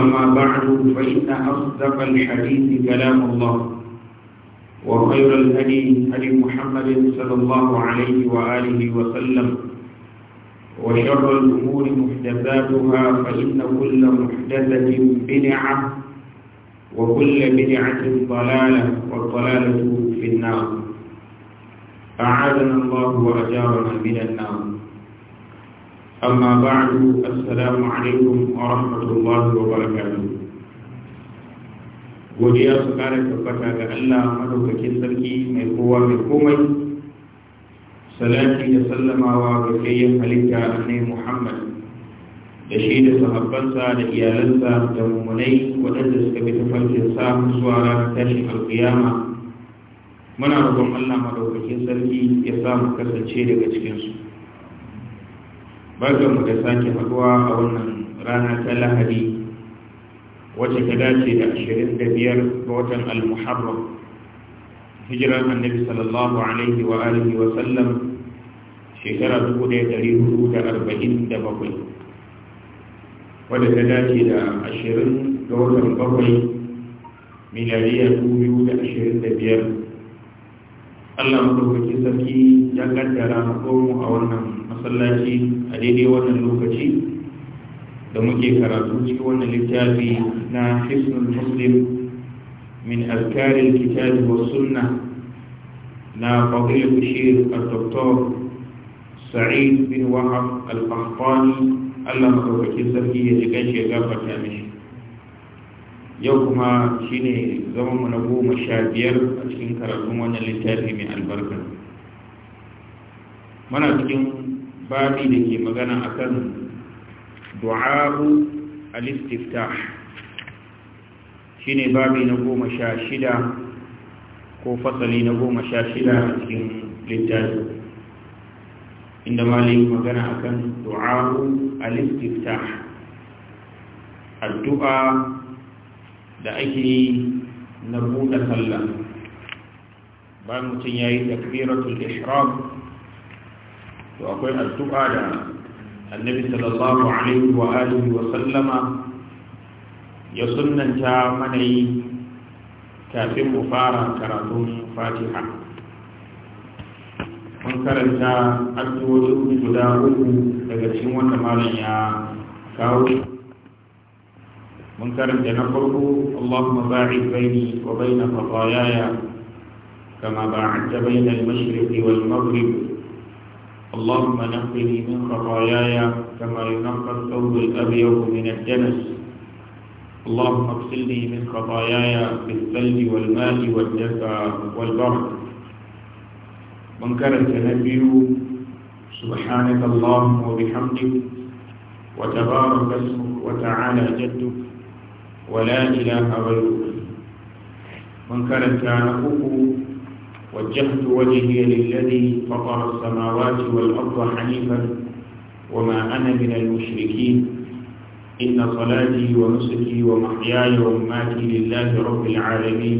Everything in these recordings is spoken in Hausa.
أما بعد فإن أصدق الحديث كلام الله وخير الهدي هدي محمد صلى الله عليه وآله وسلم وشر الأمور محدثاتها فإن كل محدثة بدعة وكل بدعة ضلالة والضلالة في النار أعاذنا الله وأجارنا من النار أما بعد السلام alaikum wa rahmatullahi wa godiya su kare tabbata ga Allah madaukakin sarki mai kowa mai komai salati da sallamawa ga kayan halitta ne Muhammad da shi da sahabbansa da iyalansa da mummunai waɗanda suka bi tafarkin sa zuwa ranar tashin alƙiyama muna roƙon Allah madaukakin sarki ya samu kasance daga cikinsu mu da sake haduwa a wannan rana ta lahadi wacce ta dace da ashirin da biyar ga watan al-muharram hijiran annabi sallallahu alaihi wa alihi wa sallam shekara dubu ɗaya ɗari hudu da arba'in da bakwai wadda ta dace da ashirin ga watan bakwai miliyariya dubu biyu da ashirin da biyar allah madaukakin sarki ya kaddara mu a wannan masallaci a daidai wannan lokaci da muke karatu ci wannan littafi na hisnul muslim min azkarin kitabi wa sunna na fadil bashir al-doktor sa'id bin wahab al fahfani Allah madaukakin sarki ya ji kanshi ya gafarta mishi yau kuma shine zaman mu na goma sha biyar a cikin karatun wannan littafi mai albarka mana cikin babi da ke magana akan du'a'u al-istiftah ne babi na goma sha shida ko fasali na goma sha shida a cikin littafi inda malai magana akan du'a'u al-istiftah addu'a da ake yi na buɗe sallah bayan mutum ya yi takbiratul ihram to akwai addu'a da annabi sallallahu alaihi wa alihi wa sallama ya sunnanta mana yi kafin mu fara karatun fatiha mun karanta addu'o'i guda uku daga cikin wanda malam ya kawo mun karanta na farko Allahumma ba'id baini wa baina khataayaya kama ba'adta baina al-mashriqi wal maghrib اللهم نقني من خطاياي كما ينقى الثوب الأبيض من الدنس اللهم اغسلني من خطاياي بالثلج والماء والجفا والبرد منكر نبي سبحانك اللهم وبحمدك وتبارك اسمك وتعالى جدك ولا إله غيرك منكر نقوه وجهت وجهي للذي فطر السماوات والأرض حنيفا وما أنا من المشركين إن صلاتي ونسكي ومحياي ومماتي لله رب العالمين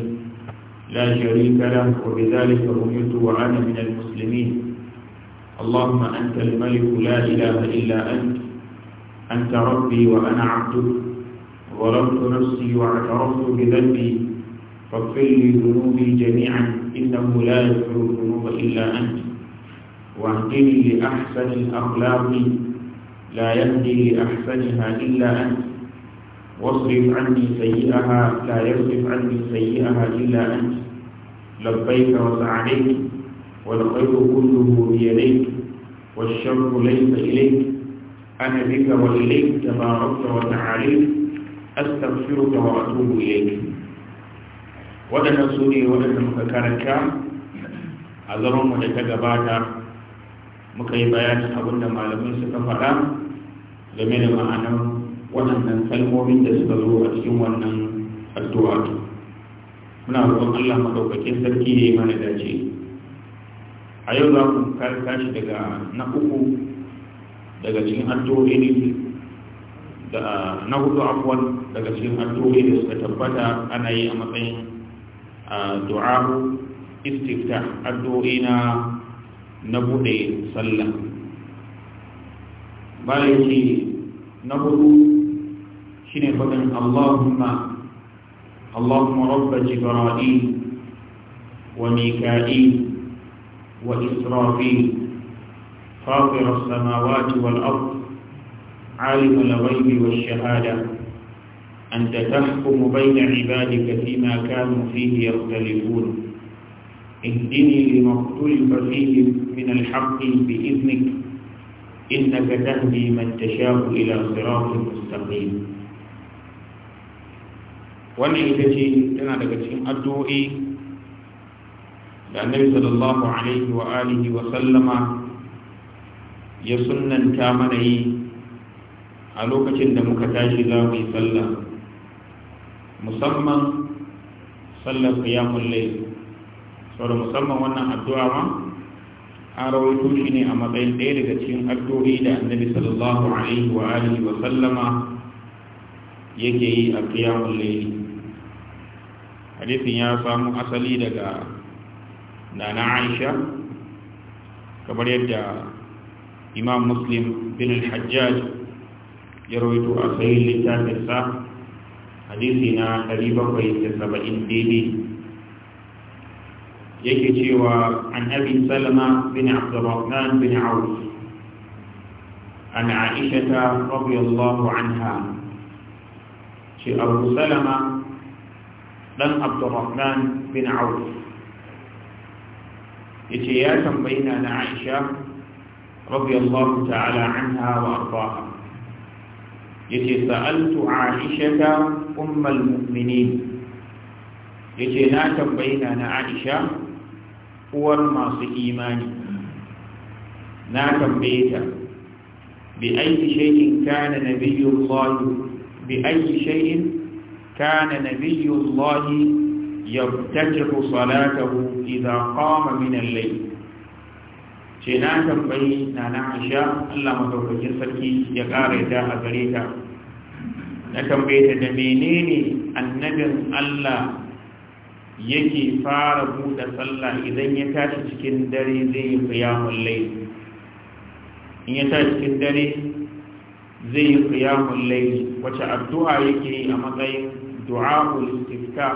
لا شريك له وبذلك أمرت وأنا من المسلمين اللهم أنت الملك لا إله إلا أنت أنت ربي وأنا عبدك ظلمت نفسي واعترفت بذنبي واغفر لي ذنوبي جميعا إنه لا يغفر الذنوب إلا أنت واهدني لأحسن الأخلاق لا يهدي لأحسنها إلا أنت واصرف عني سيئها لا يصرف عني سيئها إلا أنت لبيك وسعديك والخير كله بيديك والشر ليس إليك أنا بك وإليك تباركت وتعاليك أستغفرك وأتوب إليك waɗannan su ne waɗanda muka karanta a zaronmu da ta gabata muka yi bayanin abin da malamin suka faɗa game da ma'anar waɗannan kalmomin da suka zo a cikin wannan addu'a muna roƙon Allah maɗaukakin sarki ya yi mana dace a yau za mu shi daga na uku daga cikin addu'o'i da na hudu afwan daga cikin addu'o'i da suka tabbata ana yi a matsayin du'a'u istiftah addu'o'i na bude sallah bayan shi na hudu shine fadin Allahumma Allahumma rabba jibra'il wa mika'il wa israfil فاطر السماوات والأرض عالم الغيب والشهادة أنت تحكم بين عبادك فيما كانوا فيه يختلفون اهدني لما اختلف فيه من الحق بإذنك إنك تهدي من تشاء إلى صراط مستقيم wannan ita ce tana daga cikin addu'o'i da annabi sallallahu alaihi wa alihi wa sallama ya sunnanta mana yi a lokacin da muka tashi za mu yi sallah musamman sallar lai sau saboda musamman wannan addu'a ma an rawaito shi ne a matsayin ɗaya daga cikin addu'o'i da annabi sallallahu alaihi wa alihi wa sallama yake yi a ƙiya lai hadisin ya samu asali daga nana Aisha kamar yadda Imam Muslim bin al-Hajjaj ya rawaito a sayin littafinsa hadisi na 770 daidai yake cewa an abi salama bin abdurrahman bin auf an aisha radiyallahu anha ce abu salama dan abdurrahman bin auf yace ya tambayi na aisha radiyallahu ta'ala anha wa ardaha yace sa'altu aisha ummul mu'minin yace na tambayi na Aisha uwar masu imani na tambaye ta bi ayi shay'in kana nabiyullahi bi ayi shay'in kana nabiyullahi yabtatihu salatahu idha qama min al-layl ce na tambayi na Aisha Allah madaukakin sarki ya kare ta a gare ta na tambayeta da menene annabin Allah yake fara buɗe sallah idan ya tashi cikin dare zai yi qiyamul layl in ya tashi cikin dare zai yi qiyamul layl wace addu'a yake yi a matsayin du'a'ul istiftah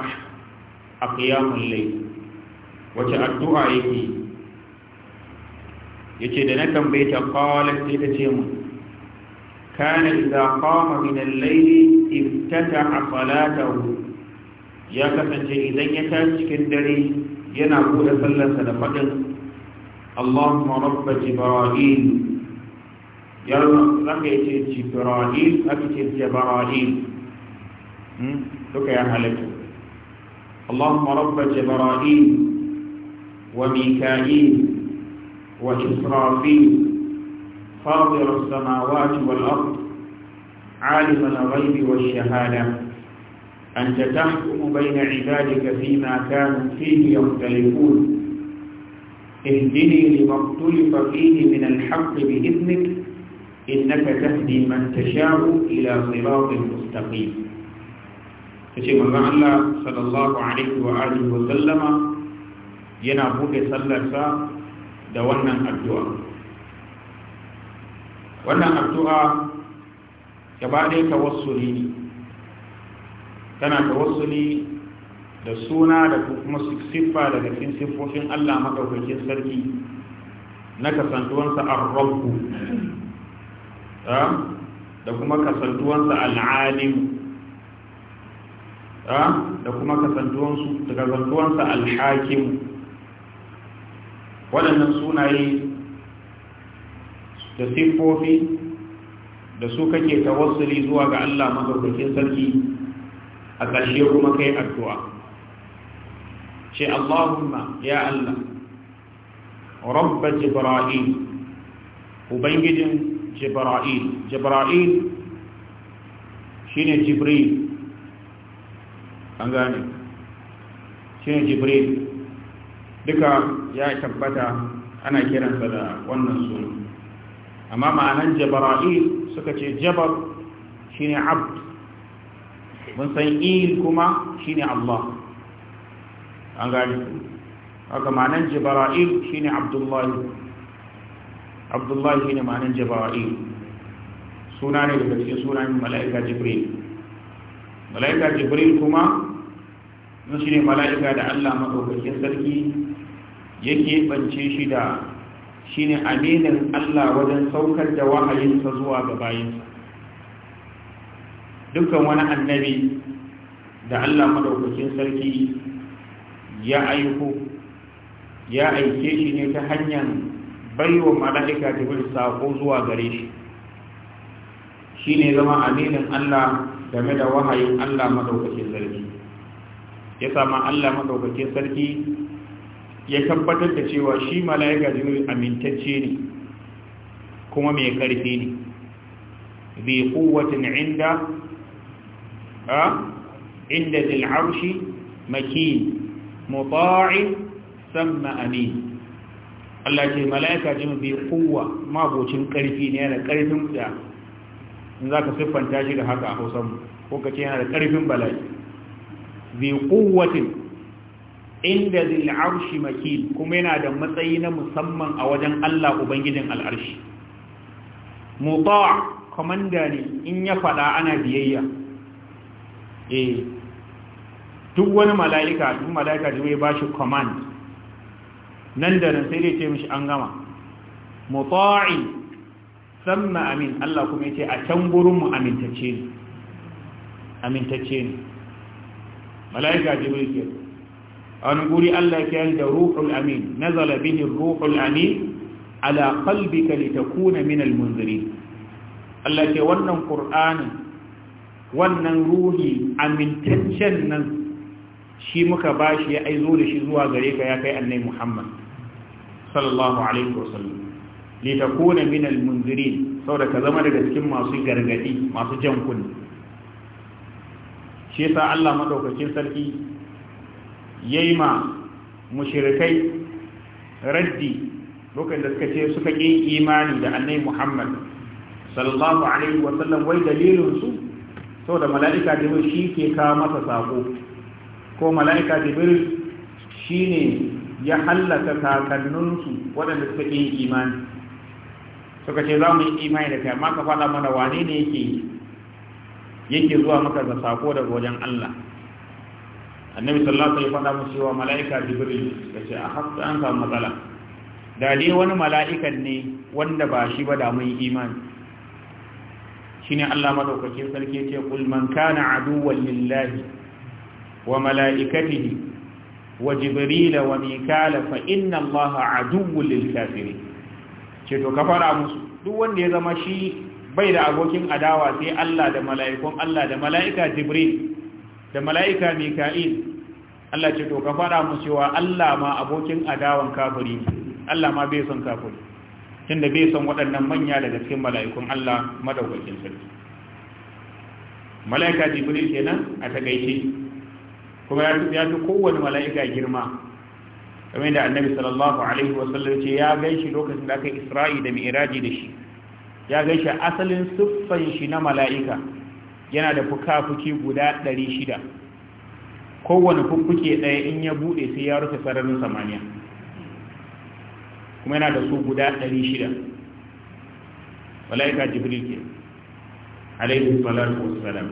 a qiyamul layl wace addu'a yake yi yace da na tambaye ta qalat sai ta ce mu كان إذا قام من الليل افتتح صلاته يا كسنجي إذن يتاج كندري ينقول صلى صدقة اللهم رب جبرائيل يا رب جبرائيل أكتب جبرائيل لك يا هلك اللهم رب جبرائيل وميكائيل وإسرافيل فاطر السماوات والأرض عالم الغيب والشهادة أنت تحكم بين عبادك فيما كانوا فيه يختلفون اهدني لما اختلف فيه من الحق بإذنك إنك تهدي من تشاء إلى صراط مستقيم kace الله الله صلى الله عليه وآله وسلم ينابوك صلى الله sallarsa da wannan addu'a wannan addu'a gaba ɗaya tawassuli ne tana tawassuli da suna da kuma siffa daga cikin siffofin Allah madaukakin sarki na kasantuwansa ar-rabbu da kuma kasantuwansa al-alim da kuma kasantuwansa al-hakim waɗannan sunaye da siffofi da su kake tawassuli zuwa ga Allah madaukakin sarki a ƙarshe kuma kai addu'a ce Allahumma ya Allah rabba jibra'il ubangijin jibra'il jibra'il ne jibril an gane Shi ne jibril duka ya tabbata ana kiransa da wannan suna amma ma'anan jabara'il suka ce jabar shine abd mun san il kuma shine Allah an gani haka ma'anan jabara'il shine abdullahi abdullahi shine ma'anan jabara'il suna ne daga cikin sunayen mala'ika jibril mala'ika jibril kuma shine mala'ika da Allah madaukakin sarki yake bance shi da shine aminin Allah wajen saukar da wahayinsa zuwa ga bayinsa dukkan wani annabi da Allah madaukakin sarki ya aiko ya aike shi ne ta hanyar baiwa mala'ika da bin sako zuwa gare shi shine zama aminin Allah game da wahayin Allah madaukakin sarki ya sama Allah madaukakin sarki ya tabbatar da cewa shi mala'ika jibril amintacce ne kuma mai karfi ne bi quwwatin inda a inda zil arshi makin muta'in samma amin Allah ce mala'ika jibril bi quwwa mabocin karfi ne yana karfin da in zaka siffanta shi da haka a Hausa ko kace yana da karfin bala'i bi quwwatin inda zil arshi makil kuma yana da matsayi na musamman a wajen Allah ubangijin al'arshi muta komanda ne in ya fada ana biyayya eh duk wani mala'ika duk mala'ika da zai shi command nan da nan sai dai ce mishi an gama muta'i samma amin Allah kuma yace a can gurin mu amintacce ne amintacce ne mala'ika jibril an guri Allah ya da ruhul amin nazala bihi ruhul amin ala qalbika litakuna min almunzirin Allah ke wannan qur'ani wannan ruhi amintaccen nan shi muka bashi ya aizo da shi zuwa gare ka ya kai annabi Muhammad sallallahu alaihi wasallam litakuna min almunzirin saboda ka zama daga cikin masu gargadi masu jan kunni shi yasa Allah madaukakin sarki yayi ma mushirikai raddi lokacin da suka ce suka ƙi imani da annabi Muhammad sallallahu alaihi wa sallam wai dalilin su saboda mala'ika jibril shi ke kawo masa sako ko mala'ika jibril shine ya hallaka kakanninsu waɗanda suka ƙi imani suka ce za mu yi imani da kai amma ka faɗa mana wane ne yake yake zuwa maka da sako daga wajen Allah annabi sallallahu alaihi wasallam ya faɗa cewa mala'ika jibril ya ce a hafta an samu matsala da dai wani mala'ikan ne wanda ba shi ba da mun imani shine Allah madaukakin sarki ya ce kul man kana aduwwan lillahi wa mala'ikatihi wa jibril wa mikal fa inna Allah aduwwun lil kafirin ce to kafara musu duk wanda ya zama shi bai da abokin adawa sai Allah da mala'ikun Allah da mala'ika jibril da mala'ika mika'il Allah ce to ka fara mu cewa Allah ma abokin adawan kafiri Allah ma bai son kafiri tunda bai son waɗannan manya daga cikin mala'ikun Allah madaukakin sarki mala'ika jibril kenan a takaice kuma ya fi kowane mala'ika girma kamar da annabi sallallahu alaihi wa sallam ce ya gaishe lokacin da aka isra'i da mi'raji da shi ya gaishe asalin siffan shi na mala'ika yana da fuka-fuki guda shida. kowane fuffuke ɗaya in ya buɗe sai ya rufe sararin samaniya kuma yana da su guda ɗari shida mala'ika jibril ke alaihi salatu wassalam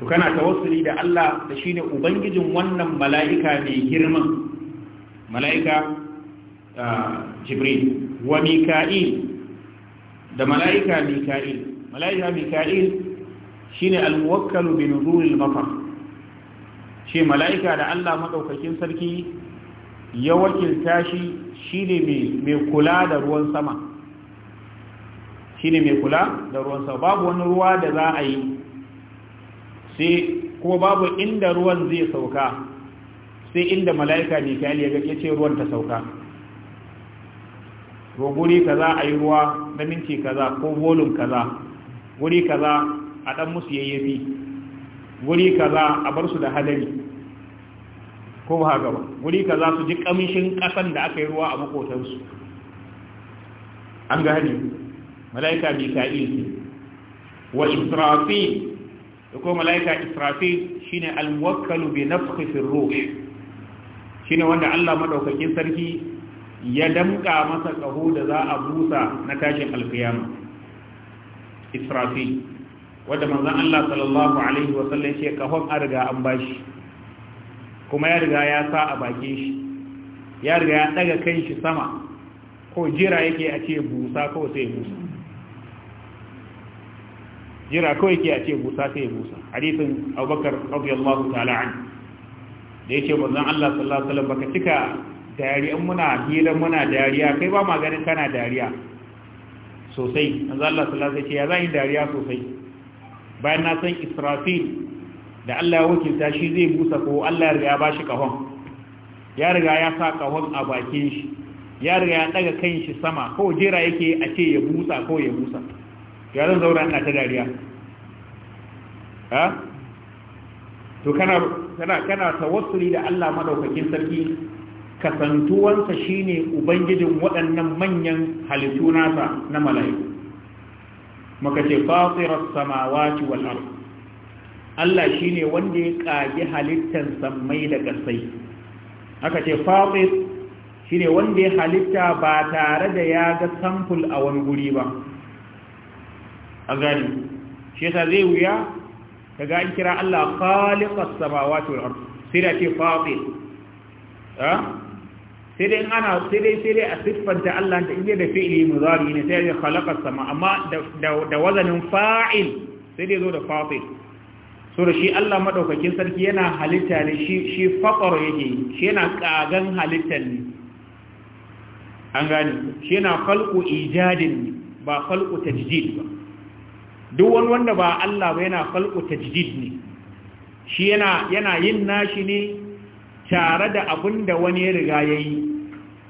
to kana tawassuli da Allah da shine ubangijin wannan mala'ika mai girman mala'ika ah, jibril wa mika'il da mala'ika mika'il mala'ika mika'il shine al-muwakkalu bi nuzulil mafar ce mala'ika da Allah maɗaukakin sarki ya wakilta shi shi ne mai kula da ruwan sama shi ne mai kula da ruwan sama babu wani ruwa da za a yi sai ko babu inda ruwan zai sauka sai inda mala'ika mikali ya ce ruwan ta sauka guri kaza a yi ruwa na minti kaza ko volum kaza guri kaza a ɗan musu yayyafi wuri kaza a bar su da hadari ko ba haka ba wuri kaza su ji kamshin kasan da aka yi ruwa a makotansu an ga malaika mika'il ne wa israfi da kuma malaika ne shine almuwakkalu bi nafkhi fi ruh shine wanda Allah madaukakin sarki ya damka masa kaho da za a busa na tashin alkiyama israfi wadda manzon Allah sallallahu alaihi wa sallam ce kahon an riga an bashi kuma ya riga ya sa a bakin shi ya riga ya daga kan shi sama ko jira yake a ce busa ko sai busa jira kawai yake a ce busa sai busa hadisin Abubakar radiyallahu ta'ala anhu da yake manzon Allah sallallahu alaihi wa sallam baka cika dariya muna hira muna dariya kai ba maganin kana dariya sosai manzo Allah sallallahu alaihi wasallam ya zai dariya sosai bayan na san israfil da Allah ya wakilta shi zai busa ko Allah ya riga ba shi kahon ya riga ya sa kahon a bakin shi ya riga ya daga kan shi sama ko jira yake a ce ya busa ko ya busa ya zan zaura ina ta dariya ha to kana kana kana tawassuli da Allah madaukakin sarki kasantuwansa shine ubangijin waɗannan manyan halittu nasa na mala'iku muka ce fatirar samawati wal ard Allah shine wanda ya kage halittar sammai da ƙasai aka ce fatir shine wanda ya halitta ba tare da ya ga sample a wani guri ba a gani shi ta zai wuya ta an kira Allah khaliqas samawati wal ard sai da ce fatir ah? sai dai ana sai dai sai dai a siffanta Allah ta iya da fi'ili muzari ne sai ya khalaqa sama amma da wazanin fa'il sai dai zo da fa'il so da shi Allah madaukakin sarki yana halitta ne shi shi faqar yake shi yana kagan halittar ne an gane shi yana khalqu ijadin ba khalqu tajdid ba duk wani wanda ba Allah ba yana khalqu tajdid ne shi yana yana yin nashi ne tare da abin da wani ya riga ya yi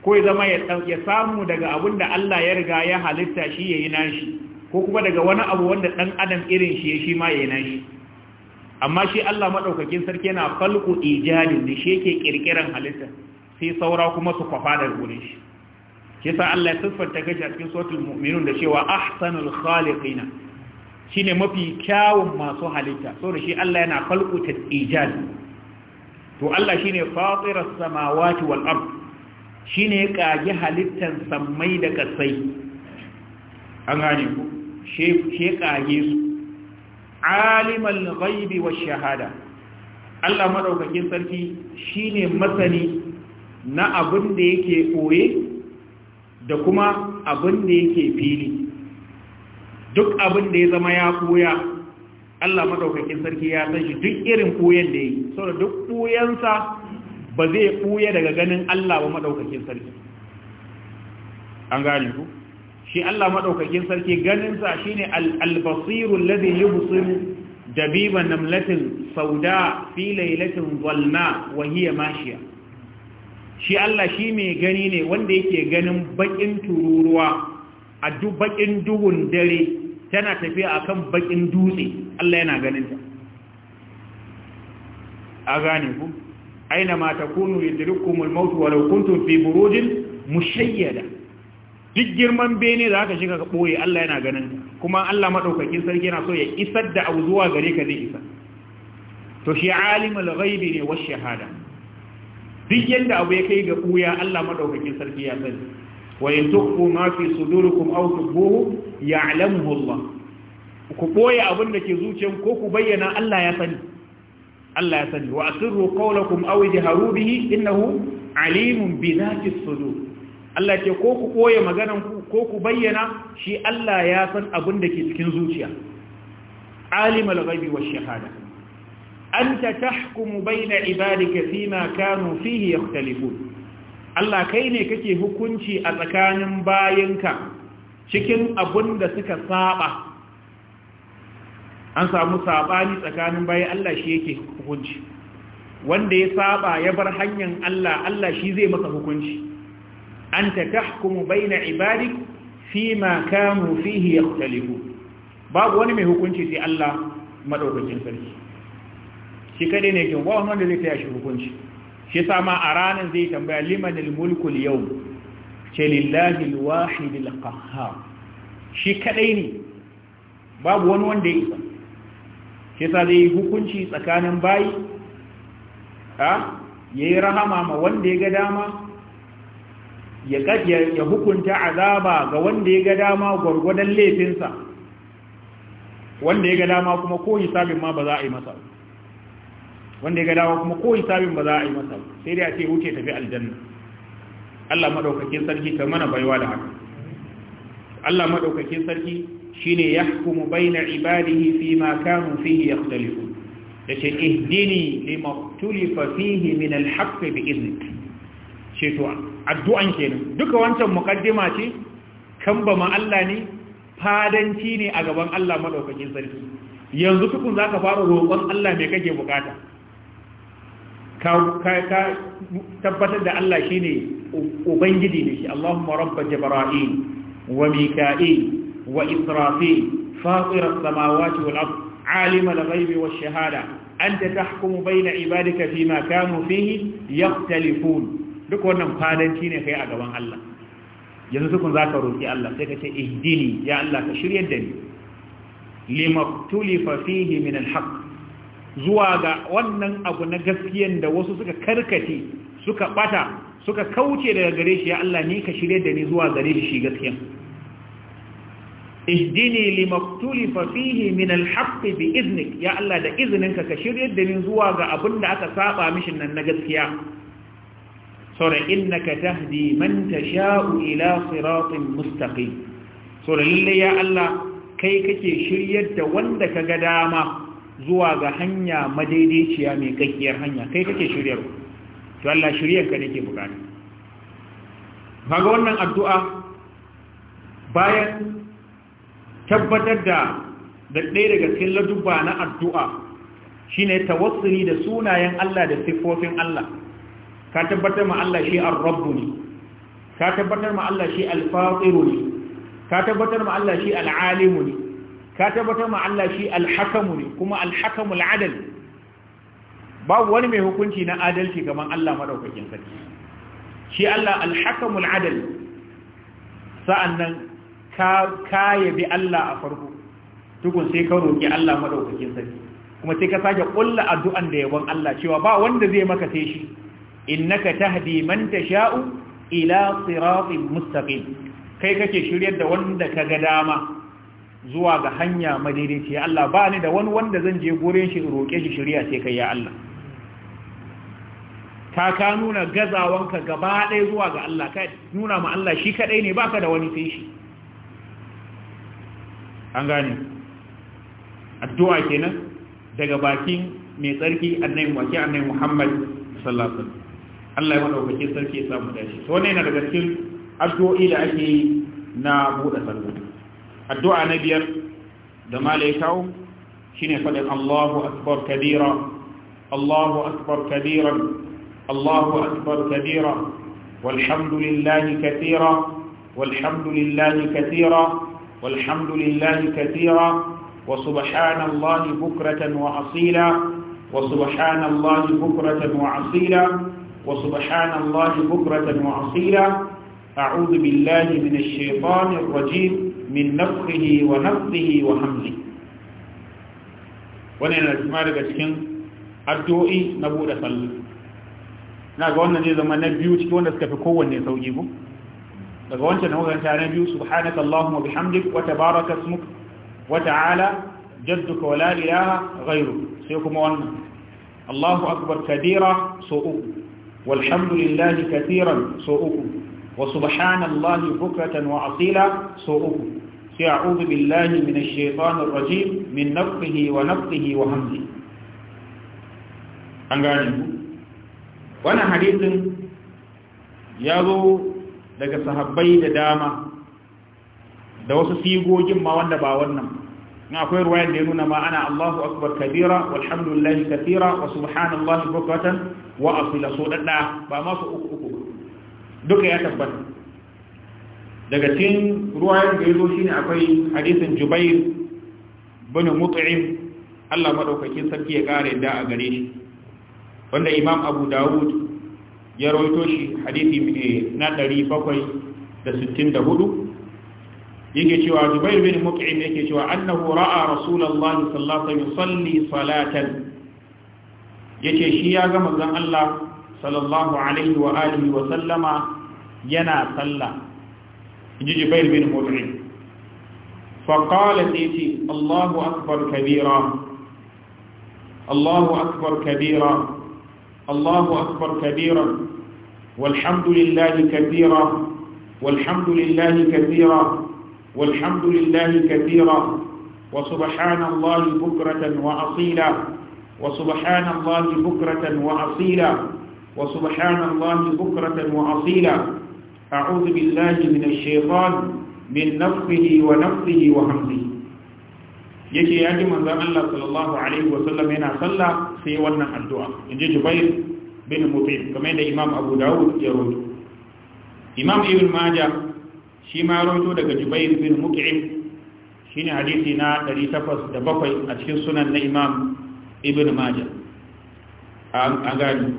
ko zama ya samu daga abin da Allah ya riga ya halitta shi ya yi nashi ko kuma daga wani abu wanda ɗan adam irin shi shi ma ya yi nashi amma shi Allah maɗaukakin sarki yana falko ijadin da shi yake ƙirƙiran halitta sai saura kuma su kwafa da gurin shi shi sa Allah ya siffanta gashi a cikin suratul mu'minun da cewa ahsanul khaliqina shine mafi kyawun masu halitta saboda shi Allah yana falko ijad to Allah shine fatiras samawati wal ardh shi ne ya halittar sammai da ƙasai an gane ku shi ƙage su alimal ghaibi wa shahada Allah maɗaukakin sarki shine masani na abin da yake ɓoye da kuma abin da yake fili duk abin da ya zama ya koya Allah maɗaukakin sarki ya san shi duk irin koyan da yi saboda duk koyansa ba zai ɓuya daga ganin Allah ba maɗaukakin sarki an gane ku shi Allah maɗaukakin sarki ganinsa shi ne albasirun ladin yi busiru dabiban namlatin sauda fi lailatin wa wahiyya mashiya shi Allah shi mai gani ne wanda yake ganin baƙin tururuwa a duk bakin duhun dare tana tafiya a kan baƙin dutse Allah yana ganinta a gane ku Ainama أينما تكونوا يدرككم الموت ولو كنتم في بروج mushayyada duk girman bene za ka shiga ɓoye Allah yana ganin kuma Allah maɗaukakin sarki yana so ya isar da abu zuwa gare ka zai isa to shi alimul ghaibi ne wa shahada duk yanda abu ya kai ga ɓuya Allah maɗaukakin sarki ya sani wa in tukhfu ma fi sudurikum aw tubbuhu ya'lamuhu Allah ku ɓoye abin da ke zuciyan ko ku bayyana Allah ya sani Allah ya sani wa asirru qawlakum aw ijharu bihi innahu alimun bi dhati sudur Allah ce ko ku koye maganan ku ko ku bayyana shi Allah ya san abin da ke cikin zuciya alimul ghaibi wash shahada anta tahkumu bayna ibadika fima kanu fihi yakhtalifun Allah kai ne kake hukunci a tsakanin bayinka cikin abin da suka saba an samu sabani tsakanin bayan Allah shi yake hukunci wanda ya saba ya bar hanyar Allah Allah shi zai masa hukunci An anta tahkumu baina ibadik fima kanu fihi yakhtalifu babu wani mai hukunci sai Allah madaukakin sarki shi kadai ne kin wawan wanda zai taya shi hukunci shi sama a ranar zai tambaya limanil mulkul yau ce lillahi alwahid alqahhar shi kadai ne babu wani wanda ya isa yasa zai yi hukunci tsakanin bayi a yayi rahama ma wanda ya ga dama ya ya hukunta azaba ga wanda ya ga dama gwargwadon laifinsa wanda ya ga dama kuma ko hisabin ma ba za a yi masa wanda ya ga dama kuma ko hisabin ba za a yi masa sai dai a ce wuce tafi aljanna Allah madaukakin sarki ka mana baiwa da haka Allah madaukakin sarki shine yahkumu baina ibadihi fi ma kanu fihi yakhtalifu yace ihdini limaktulifa fihi min alhaqq bi idnik ce to addu'an kenan duka wancan muqaddima ce kamba ma Allah ne fadanci ne a gaban Allah madaukakin sarki yanzu tukun zaka fara roƙon Allah me kake bukata ka ka tabbatar da Allah shine ubangiji ne shi Allahumma rabb jibril wa mika'il وإسرافيل فاطر السماوات والأرض عالم الغيب والشهادة أنت تحكم بين عبادك فيما كانوا فيه يختلفون duk wannan fadanci ne kai a gaban Allah yanzu dukun zaka roki Allah sai ka ce ihdini ya Allah ka shiryar da ni limaktulifa fihi min zuwa ga wannan abu na gaskiyan da wasu suka karkace suka ɓata, suka kauce daga gare shi ya Allah ni ka shiryar da ni zuwa gare shi gaskiyan ihdini limaktulifa fihi min alhaq bi iznik ya Allah da izininka ka shiryar da ni zuwa ga abin da aka saba mishin nan na gaskiya sura innaka tahdi man tasha'u ila siratin mustaqim sura lalle ya Allah kai kake shiryar da wanda ka ga dama zuwa ga hanya madaidaiciya mai kakkiyar hanya kai kake shiryar to Allah shiryar ka nake bukata kaga wannan addu'a bayan tabbatar da ɗaya daga cikin ladubba na addu'a shine tawassuli da sunayen Allah da siffofin Allah ka tabbatar ma Allah shi ar-rabbu ne ka tabbatar ma Allah shi al-fatiru ne ka tabbatar ma Allah shi al-alimu ne ka tabbatar ma Allah shi al-hakamu ne kuma al-hakamu al-adal babu wani mai hukunci na adalci gaban Allah madaukakin sarki shi Allah al-hakamu al-adal sa'annan ka bi Allah a farko tukun sai ka roƙi Allah madaukakin sarki kuma sai ka sake ƙulla addu'an da yabon Allah cewa ba wanda zai maka sai shi innaka tahdi man tasha'u ila siratin mustaqim kai kake shiryar da wanda ka ga dama zuwa ga hanya madaidaici Allah ba ni da wani wanda zan je gurin shi roƙe shi shirya sai kai ya Allah ka ka nuna gazawanka gaba ɗaya zuwa ga Allah ka nuna ma Allah shi kaɗai ne baka da wani sai shi an gane addu'a kenan daga bakin mai tsarki annabi wake annabi Muhammad sallallahu alaihi wasallam Allah ya bakin sarki ya samu dashi to wannan yana daga cikin addu'o'i da ake na buɗe sallah addu'a na biyar da malaikau shine fadin Allahu akbar kabira Allahu akbar Kabira. Allahu akbar kabira والحمد لله كثيرا والحمد لله كثيرا والحمد لله كثيرا وسبحان الله بكرة وأصيلا وسبحان الله بكرة وأصيلا وسبحان الله بكرة وأصيلا أعوذ بالله من الشيطان الرجيم من نفخه ونفخه وحمله wannan yana kuma daga cikin addu'o'i na buɗe sallah na ga wannan zai zama na biyu cikin wanda suka fi kowanne sauki ko daga wancan hukanta na biyu subhanaka allahumma bihamdik wa tabaraka ismuk wa ta'ala jadduka wa la ilaha ghairu sai kuma wannan Allahu akbar kadira so uku walhamdulillahi katiran so uku wa subhanallahi bukratan wa asila so uku sai a'udhu billahi minash shaitanir rajim min nafthihi wa nafthihi wa hamdihi an gane ku wannan hadisin ya zo daga sahabbai da dama da wasu sigogin ma wanda ba wannan na akwai ruwayar da ya nuna ma ana Allahu akbar kabira walhamdulillahi kathira wa subhanallahi bukratan wa asila so dadda ba ma su uku uku duka ya tabbata daga cikin ruwayar da ya zo shine akwai hadisin Jubair bin Mut'im Allah madaukakin sarki ya kare da a gare shi wanda Imam Abu Dawud ya rawaito shi hadisi na 764 yake cewa Zubair bin Mut'im yake cewa annahu ra'a Rasulullah sallallahu alaihi wasallam yusalli salatan yace shi ya ga manzon Allah sallallahu alaihi wa alihi wa sallama yana sallah. inji Zubair bin Mut'im fa qala sayti Allahu akbar kabira Allahu akbar kabira Allahu akbar kabira والحمد لله كثيرا والحمد لله كثيرا والحمد لله كثيرا وسبحان الله بكرة وأصيلا وسبحان الله بكرة وأصيلا وسبحان الله بكرة وأصيلا أعوذ بالله من الشيطان من نفقه ونفقه وهمزه يجي أجمع ji الله صلى الله عليه وسلم yana صلى في wannan addu'a إن ji bin mutim kamar da imam abu dawud ya roto imam ibn maja shi ma roto daga jubair bin mut'im shine hadisi na 807 a cikin sunan na imam ibn maja a gani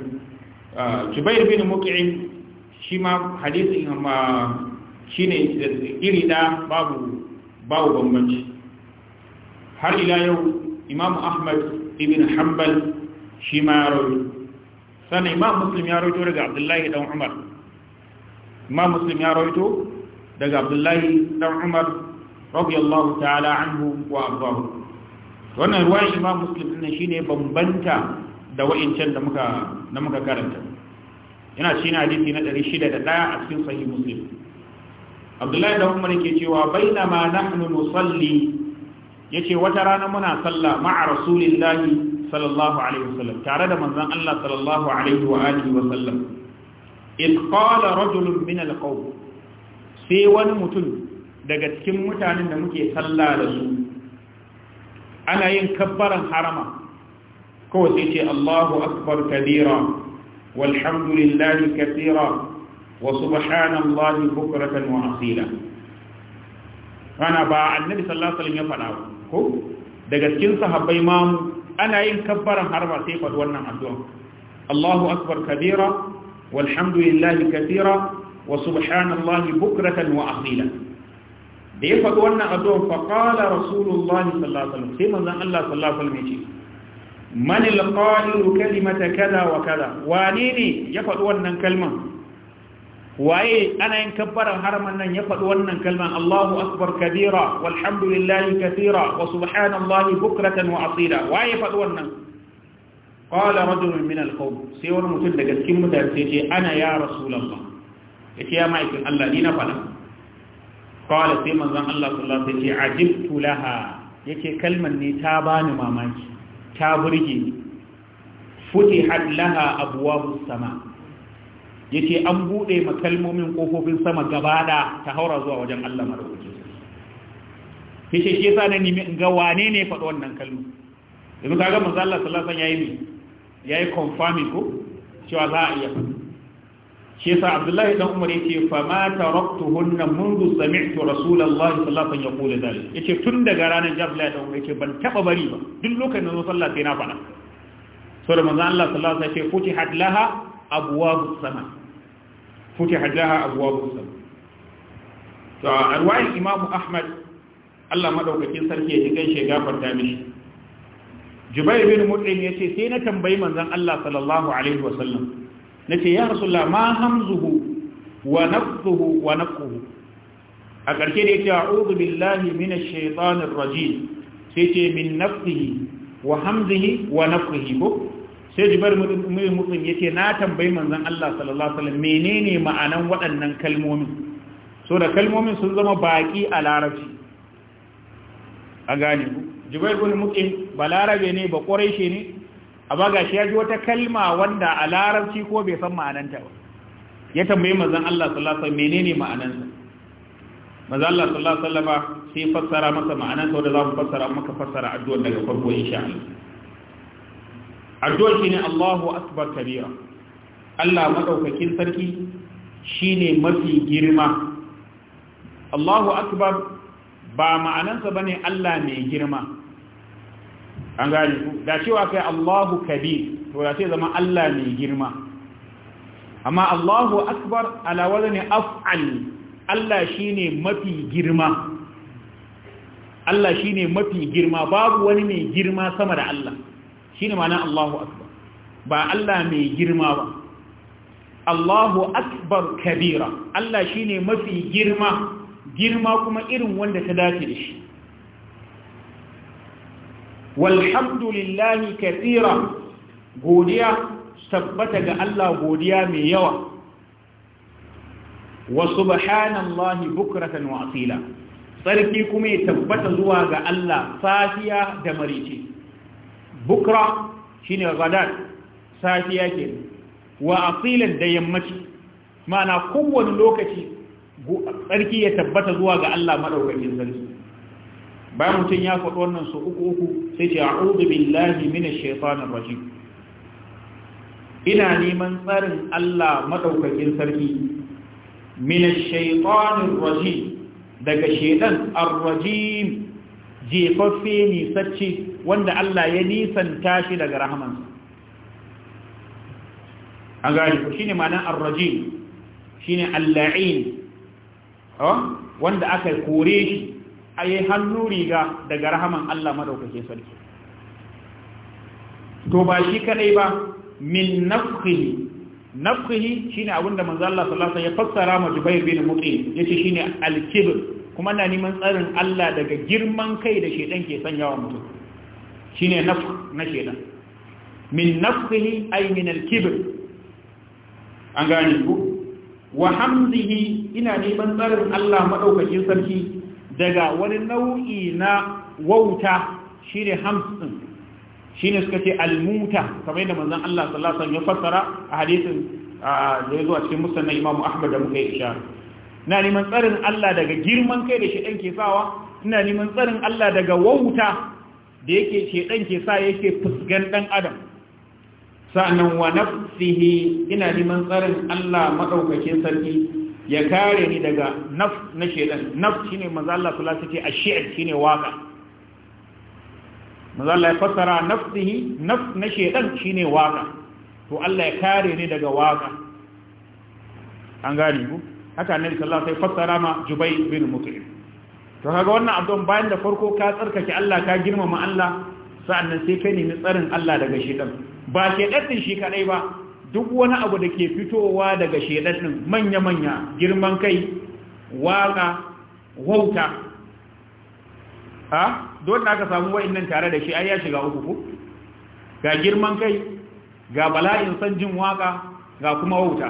jubair bin mut'im shi ma hadisi shine iri da babu babu bambanci har ila yau imam ahmad ibn hanbal shi ma roto sannan imam muslim ya roito daga abdullahi dan umar imam muslim ya roito daga abdullahi dan umar radiyallahu ta'ala anhu wa ardahu wannan ruwayan imam muslim din shine bambanta da wa'incan da muka da muka karanta yana cikin hadisi na 601 a cikin sahih muslim abdullahi dan umar yake cewa bainama nahnu nusalli yace wata rana muna sallah ma'a rasulillahi sallallahu alaihi wasallam tare da manzon Allah sallallahu alaihi wa alihi wasallam id qala rajulun min alqawm sai wani mutum daga cikin mutanen da muke sallah da su ana yin kabbaran harama kawai sai ce Allahu akbar kabira walhamdulillahi kathira wa subhanallahi bukratan wa asila Kana ba annabi sallallahu alaihi wasallam ya faɗa ko daga cikin sahabbai mamu. ana yin kabbaran harba sai faɗi wannan addu'a Allahu akbar kabira walhamdulillahi kabira wa subhanallahi bukratan wa asila da ya faɗi wannan addu'a fa qala rasulullah sallallahu sai manzon Allah sallallahu alaihi ya ce man alqa'ilu kalimata kada wa kada wane ne ya faɗi wannan kalman waye ana yin kabbaran harman nan ya faɗi wannan kalman Allahu akbar kabira walhamdulillahi kathira wa subhanallahi bukratan wa asila waye faɗi wannan qala rajulun min alqawm sai wani mutum daga cikin mutane sai ce ana ya rasulullah yace ya maikin Allah ni na faɗa qala sai manzon Allah sallallahu alaihi wasallam yace ajibtu laha yace kalman ne ta bani mamaki ta burge ni futihat laha abwabus sama' yace an bude makalmomin kofofin sama gaba ta haura zuwa wajen Allah madaukaki yace shi yasa na nemi ga wane ne faɗi wannan kalmo yanzu kaga manzo Allah sallallahu alaihi wasallam yayi yayi confirming ko cewa za a iya faɗi shi yasa Abdullahi dan Umar yace fa ma taraktuhunna mundu sami'tu Rasulullahi sallallahu alaihi wasallam yaqulu dalik yace tun daga ranar Abdullahi dan Umar yace ban taba bari ba duk lokacin da zo sallah sai na faɗa saboda manzo Allah sallallahu alaihi wasallam yace futihat laha abwabus sama' futiha laha abwabus sama to a ruwayin imamu ahmad Allah madaukakin sarki ya ji kai shi gafarta mishi jubair bin mut'im yace sai na tambayi manzon Allah sallallahu alaihi wasallam nace ya rasulullah ma hamzuhu wa nafsuhu wa nafsuhu a ƙarshe da yace a'udhu billahi minash shaitanir rajim sai ce min nafsihi wa hamzihi wa nafsihi ko sai jibar mutum ya ce na tambayi manzan Allah sallallahu Alaihi wasallam menene ma'anan waɗannan kalmomin so da kalmomin sun zama baƙi a larabci a gane ku jibar mutum ba larabe ne ba ƙwarai ne a baga shi ya ji wata kalma wanda a larabci ko bai san ma'ananta ba ya tambayi manzan Allah sallallahu Alaihi wasallam menene ma'anansa Allah fassara masa za mu fassara fassara addu'ar daga farko addu'ar ne Allahu akbar kabira Allah maɗaukakin sarki shi ne mafi girma Allahu akbar ba ma'anansa ba ne Allah mai girma an gane ku da cewa kai Allahu kabir to da sai zama Allah mai girma amma Allahu akbar alawar ne af'al Allah shi ne mafi girma Allah shi ne mafi girma babu wani mai girma sama da Allah shine ma'ana Allahu akbar ba Allah mai girma ba Allahu akbar kabira Allah shine mafi girma girma kuma irin wanda ta dace da shi walhamdulillahi kabira godiya tabbata ga Allah godiya mai yawa wa subhanallahi bukratan wa asila sarki kuma ya tabbata zuwa ga Allah safiya da marice bukra shine gadan safiya ke wa asilan da yammaci ma'ana kowane lokaci sarki ya tabbata zuwa ga Allah madaukakin sarki bayan mutum ya faɗi wannan su uku uku sai ce a'udhu billahi minash shaitanir rajim ina neman tsarin Allah maɗaukakin sarki minash shaitanir rajim daga shaidan ar-rajim jefaffe ni sacce wanda Allah ya nisanta shi daga rahamansa an gane ku shine ma'anar ar-rajim shine al wanda aka kore shi ayi hannu riga daga rahaman Allah madaukake sarki to ba shi kadai ba min nafhi nafkhihi shine abinda manzo Allah sallallahu alaihi wasallam ya fassara ma Jubair bin Mut'im yace shine al-kibr kuma na neman tsarin Allah daga girman kai da shedan ke sanyawa mutum Shi ne na shedan min nafsihi ay min alkibir. an gane ku wa hamzihi ina neman tsarin Allah madaukakin sarki daga wani nau'i na wauta shine hamsin ne suka ce almuta kamar yadda manzon Allah sallallahu ya fassara a hadisin da ya zo a cikin musnad Imam Ahmad da muka yi ishara ina neman tsarin Allah daga girman kai da shi ɗan ke sawa ina neman tsarin Allah daga wauta da yake shedan ke sa yake fusgan dan adam sa'annan wa nafsihi ina liman tsarin Allah madaukakin sarki ya kare ni daga naf na shedan naf shine manzo Allah sallallahu alaihi wasallam ash shine waka manzo Allah ya fassara nafsihi naf na shedan shine waka to Allah ya kare ni daga waka an gane ku haka annabi sallallahu alaihi wasallam fassara ma Jubay bin Mut'im to kaga wannan abdon bayan da farko ka tsarkake Allah ka girmama Allah sa'annan sai kai nemi tsarin Allah daga shedan ba ke dadin shi kadai ba duk wani abu da ke fitowa daga shedan din manya manya girman kai waka wauta ha don da aka samu wa'annan tare da shi ai ya shiga uku ku? ga girman kai ga bala'in san jin waka ga kuma wauta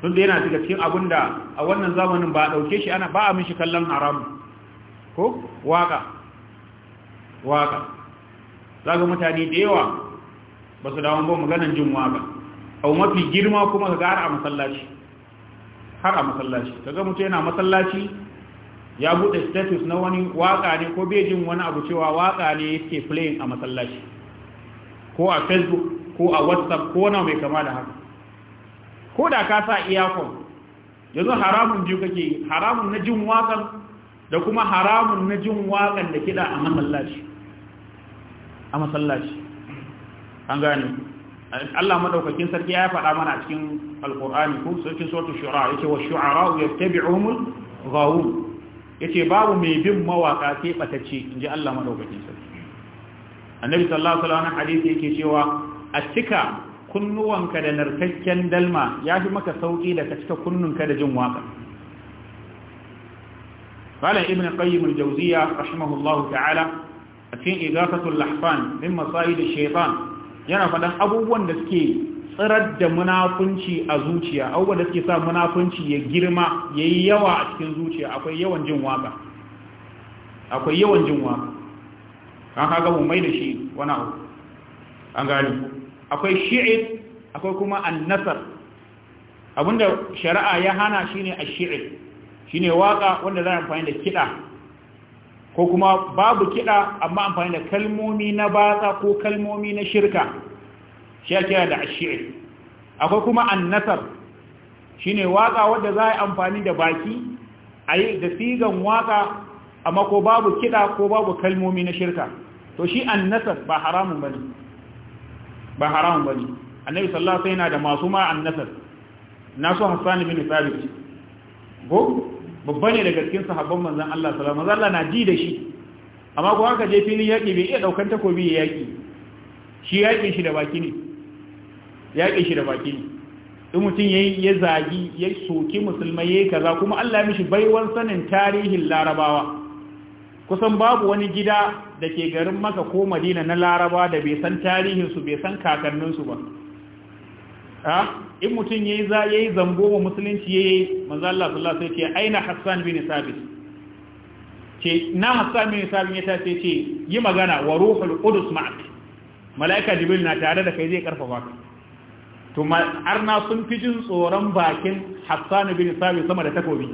Tun da yana daga cikin abin da a wannan zamanin ba a ɗauke shi ana ba a mishi kallon haram ko waka waka ga mutane da yawa ba su dawo ba maganar jin waka abu mafi girma kuma ka gara a masallaci har a masallaci ga mutum yana masallaci ya buɗe status na wani waka ne ko bai jin wani abu cewa waka ne yake playing a masallaci ko a facebook ko a whatsapp ko na mai kama da haka ko da ka sa iyakon yanzu haramun biyu kake haramun na jin waƙan da kuma haramun na jin waƙan da kiɗa a masallaci a masallaci an gane Allah madaukakin sarki ya faɗa mana a cikin alkur'ani ko sarkin sautu shu'ara yake wa shu'ara ya tabi umul gawun yace babu mai bin mawaƙa, sai In ji Allah madaukakin sarki annabi sallallahu alaihi wasallam hadisi yake cewa a cika kunnuwanka da narkakken dalma ya fi maka sauƙi da ka cika kunnunka da jin waƙa qala ibn qayyim al-jawziyya rahimahullahu ta'ala a cikin igafatul lahfan min masaid ash-shaytan yana faɗan abubuwan da suke tsirar da munafunci a zuciya abubuwan da suke sa munafunci ya girma yayi yawa a cikin zuciya akwai yawan jin waƙa akwai yawan jin waƙa an kaga mu mai da shi wani abu an gani akwai shi'ir akwai kuma annasar abinda shari'a ya hana shine ash-shi'r shine waka wanda za a amfani da kida ko kuma babu kida amma amfani da kalmomi na baƙa, ko kalmomi na shirka shi ake da ash-shi'r akwai kuma annasar shine waka wanda za a amfani da baki ayi da sigan waka amma ko babu kida ko babu kalmomi na shirka to shi annasar ba haramun bane ba haramun bane annabi sallallahu alaihi wasallam yana da masu ma annasar nasu hassan bin thabit go babba ne daga cikin sahabban manzon Allah sallallahu alaihi wasallam na ji da shi amma ko haka je filin yaki bai iya daukan takobi ya yaki shi yaki shi da baki ne yaki shi da baki ne in mutum ya zagi ya soki musulmai ya kaza kuma Allah ya mishi baiwan sanin tarihin larabawa kusan babu wani gida da ke garin maka ko madina na laraba da bai san tarihinsu bai san kakanninsu ba in mutum ya yi zambo wa musulunci ya yi mazalla sallah sai ce aina hassan bin sabit ce na hassan bin sabit ya tace ce yi magana wa ruhul qudus ma'ak malaika jibril na tare da kai zai karfafa ka to arna sun fi jin tsoron bakin hassan bin sabit sama da takobi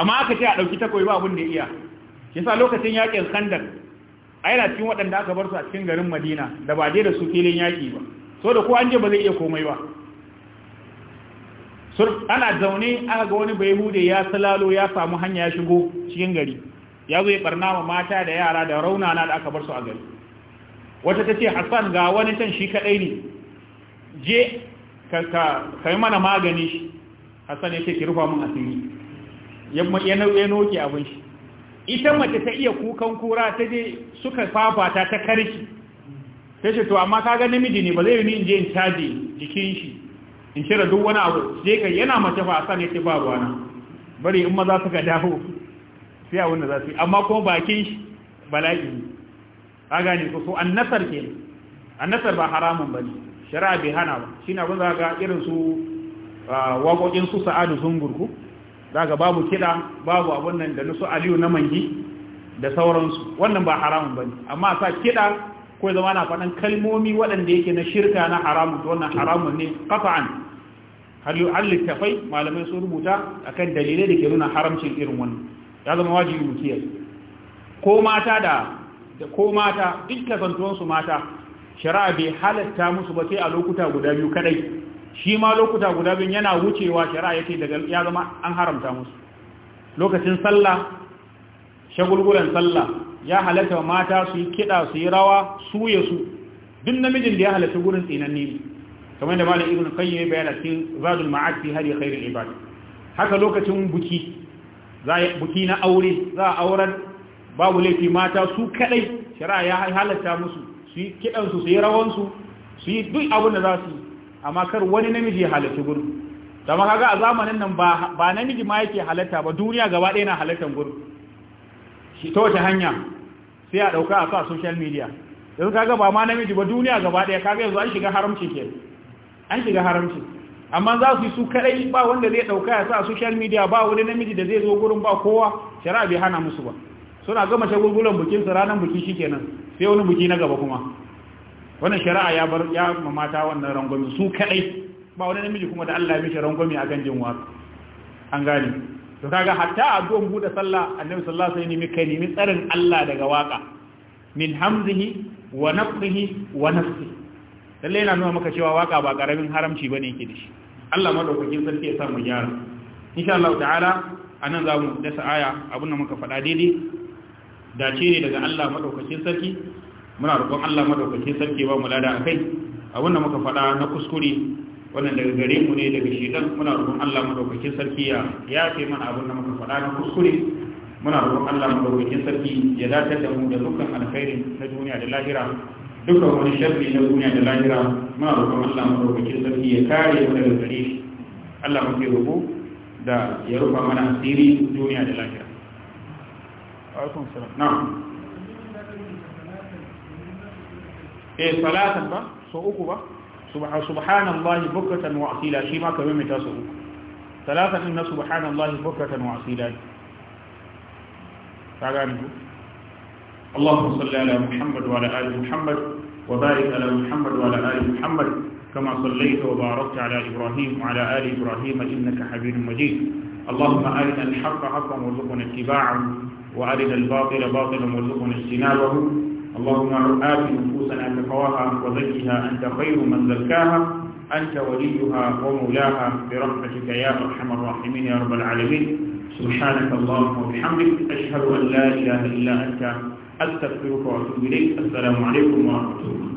amma aka ce a dauki takobi ba abin da iya yasa lokacin yakin khandaq a yana cikin waɗanda aka bar su a cikin garin madina da ba je da su filin yaƙi ba so da ko an je ba zai iya komai ba ana zaune aka ga wani bai hude ya salalo ya samu hanya ya shigo cikin gari ya zo ya barna ma mata da yara da raunana da aka bar su a gari wata ta ce hassan ga wani can shi kaɗai ne je ka yi mana magani shi hassan ya ce ki rufa mun asiri ya noke abin shi ita mace ta iya kukan kura ta je suka fafata ta karki ta ce to amma ga namiji ne ba zai yi in je in caji jikin shi in cire duk wani abu je ka yana mace ba a sa ne ce ba ruwana bari in maza suka dawo sai abin da za su yi amma kuma bakin shi bala'i ne a gane ko so an nasar ke an nasar ba haramun ba ne shari'a bai hana ba shi na abin za ga irin su ah, waƙoƙin su sa'adu sun gurku za babu kiɗa babu abun nan da nusu aliyu na mangi da sauransu wannan ba haramun ba ne amma sa kiɗa ko zama na faɗan kalmomi waɗanda yake na shirka na haramun to wannan haramun ne kafa'an har yi littafai malamai sun rubuta akan dalilai da ke nuna haramcin irin wannan ya zama wajibi mu ko mata da da ko mata duk kasantuwansu mata shari'a bai halatta musu ba sai a lokuta guda biyu kadai shi ma lokuta guda bin yana wucewa shari'a yake daga ya zama an haramta musu lokacin sallah shagulgulan sallah ya halatta mata su yi kiɗa su yi rawa su ya su duk namijin da ya halatta gurin tsinanni ne kamar da malam ibn qayyim bayana cikin zadul ma'ad fi hadi khairul ibad haka lokacin buki za buki na aure za a auren babu laifi mata su kadai shari'a ya halatta musu su yi kiɗansu su yi rawansu su yi duk abin da za su yi amma kar wani namiji ya halarci gurbi dama kaga a zamanin nan ba namiji ma yake halatta ba duniya gaba ɗaya na halartar gurbi shi ta wata hanya sai a ɗauka a sa social media yanzu kaga ba ma namiji ba duniya gaba ɗaya kaga yanzu an shiga haramci ke an shiga haramci amma za su yi su kadai ba wanda zai ɗauka ya sa a social media ba wani namiji da zai zo gurin ba kowa shari'a bai hana musu ba suna gama shagulgulan bikin su ranar biki shikenan sai wani buki na gaba kuma wannan shari'a ya bar ya mamata wannan rangwami su kadai ba wani namiji kuma da Allah ya mishi rangwami a ganjin wasu an gane to kaga hatta a don bude sallah annabi sallallahu alaihi wasallam kai nemi tsarin Allah daga waka min hamzihi wa nafsihi wa nafsi lalle yana nuna maka cewa waka ba karamin haramci bane yake dashi Allah madaukakin sarki ya sa mu gyara insha Allah ta'ala anan za mu dasa aya abin da muka faɗa daidai dace ne daga Allah madaukakin sarki muna rukun Allah madaukakin sarki ba mu lada akai abin da muka faɗa na kuskure wannan daga gare mu ne daga shidan muna rukun Allah madaukakin sarki ya yafe mana abin da muka faɗa na kuskure muna rukun Allah madaukakin sarki ya zata da mu da dukkan alkhairi na duniya da lahira dukkan wani sharri na duniya da lahira muna rukun Allah madaukakin sarki ya kare mu daga gare shi Allah muke roƙo da ya rufa mana asiri duniya da lahira. Alaikum Na'am. e salatan ba so uku ba subhan subhanallahi bukratan wa asila shi ma kawai mai taso uku salatan din na subhanallahi bukratan wa asila ta gani ku Allahumma salli ala Muhammad wa ala ali Muhammad wa barik ala Muhammad wa ala ali Muhammad كما صليت وباركت على إبراهيم وعلى آل إبراهيم إنك حبيب مجيد اللهم أرنا الحق حقا وارزقنا اتباعه وأرنا الباطل باطلا وارزقنا اللهم آت نفوسنا تقواها وزكها أنت خير من زكاها أنت وليها ومولاها برحمتك يا أرحم الراحمين يا رب العالمين سبحانك اللهم وبحمدك أشهد أن لا إله إلا أنت أستغفرك وأتوب إليك السلام عليكم ورحمة الله